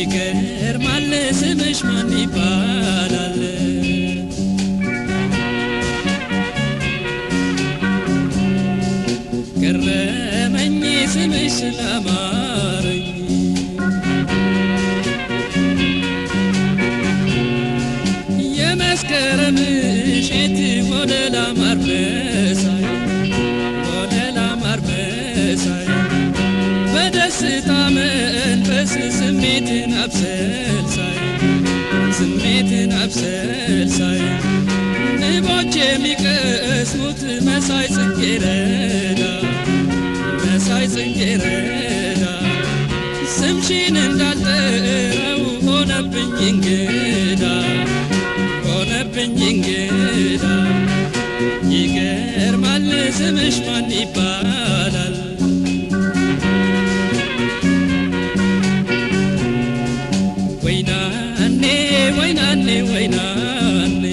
ይገርማል ስምሽ ማን ይባላል ገረመኝ ስምሽ ስለማ አብሰልሳይ ስሜትን አብሰልሳይ ንቦች የሚቀስሙት መሳይ ጽጌረዳ መሳይ ጽጌረዳ ስምሽን እንዳልጠራው ሆነብኝ እንግዳ ሆነብኝ እንግዳ ይገርማል ስምሽ ማን ይባል ያኔ ወይናኔ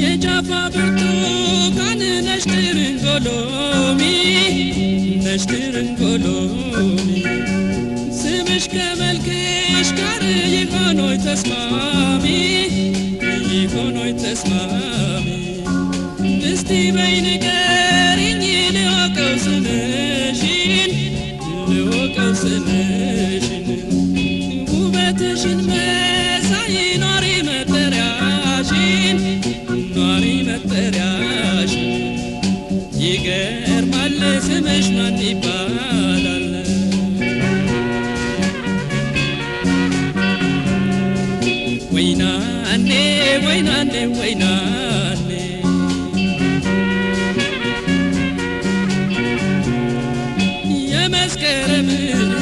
የጃፋ ብርቱካን ነሽ ትርንጎሎሚ ነሽ ትርንጎሎሚ ስምሽ ከመልክሽ ጋር ይሆኖይ ተስማሚ ይሆኖይ ተስማሚ እስቲ በይ ንገር ናኔ ወይናኔ ናኔ ወይ ናኔ የመስከረም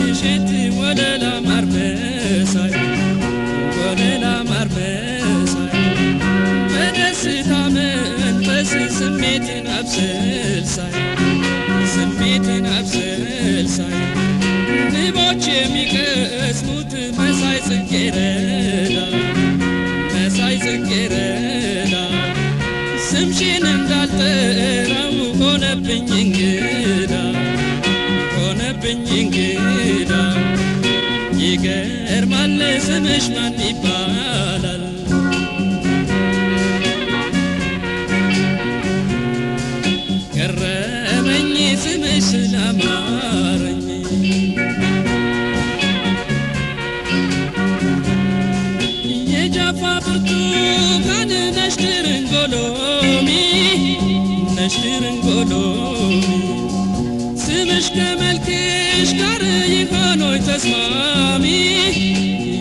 ምሽት ወለላ ላማርበሳይ ወደ ላማርበሳይ በደስታ መንፈስ ስሜትን አብስልሳይ ስሜትን አብስልሳይ ንቦች የሚቀስሙት መሳይ ጽጌረዳ እንግዳ ስምሽን እንዳልጠራው ሆነብኝ እንግዳ ሆነብኝ እንግዳ ይገርማል ስምሽ ማን ይባላል? ስምሽ ስለማ ነሽ ርንጎሎሚ ስምሽ ከመልክሽ ጋር ይሆኖይ ተስማሚ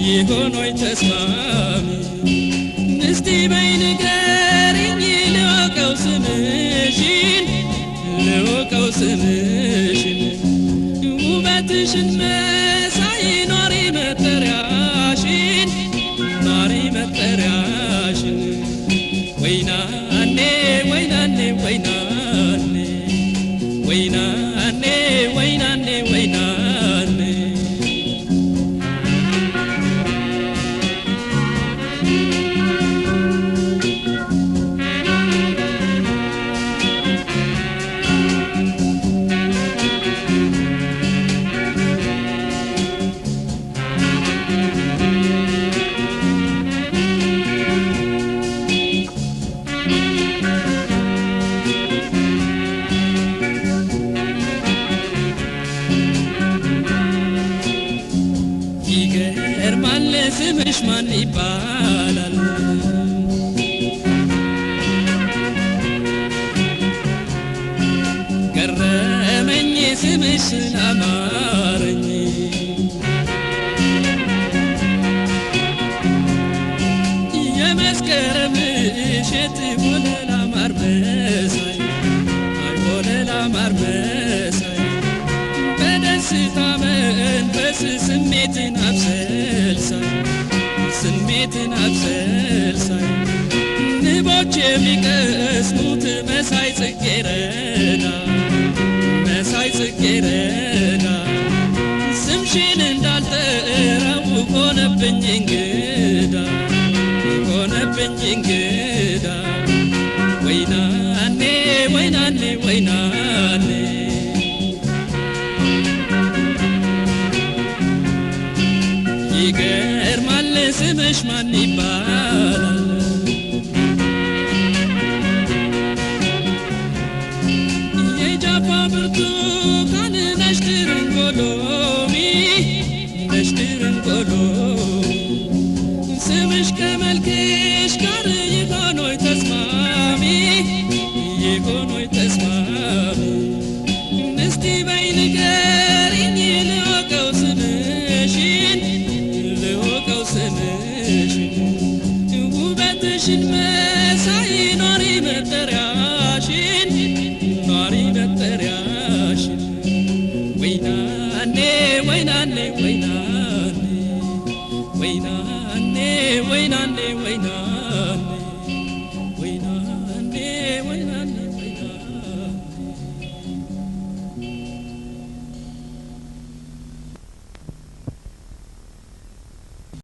ይሆኖይ ተስማሚ እስቲ በይ ንገሪኝ ልወቀው ስምሽን ልወቀው ስምሽን ውበትሽን ስምሽ ማን ይባላል? ገረመኝ ስምሽን አማረኝ የመስከረም እሸት ሆነላ ስርሳይ ንቦች የሚቀስሙት መሳይ ጽጌረዳ መሳይ ጽጌረዳ ስምሽን እንዳልጠራው ሆነብኝ እንግዳ ሆነብኝ እንግዳ ወይናኔ ወይናኔ ወይናኔ ይገርማ ስምሽ ማን ይባላል? የጃፓ መጠሪያሽን ጧሪ መጠሪያሽን ወይናኔ ወይናኔ ወይናኔ ወይናኔ ወይናኔ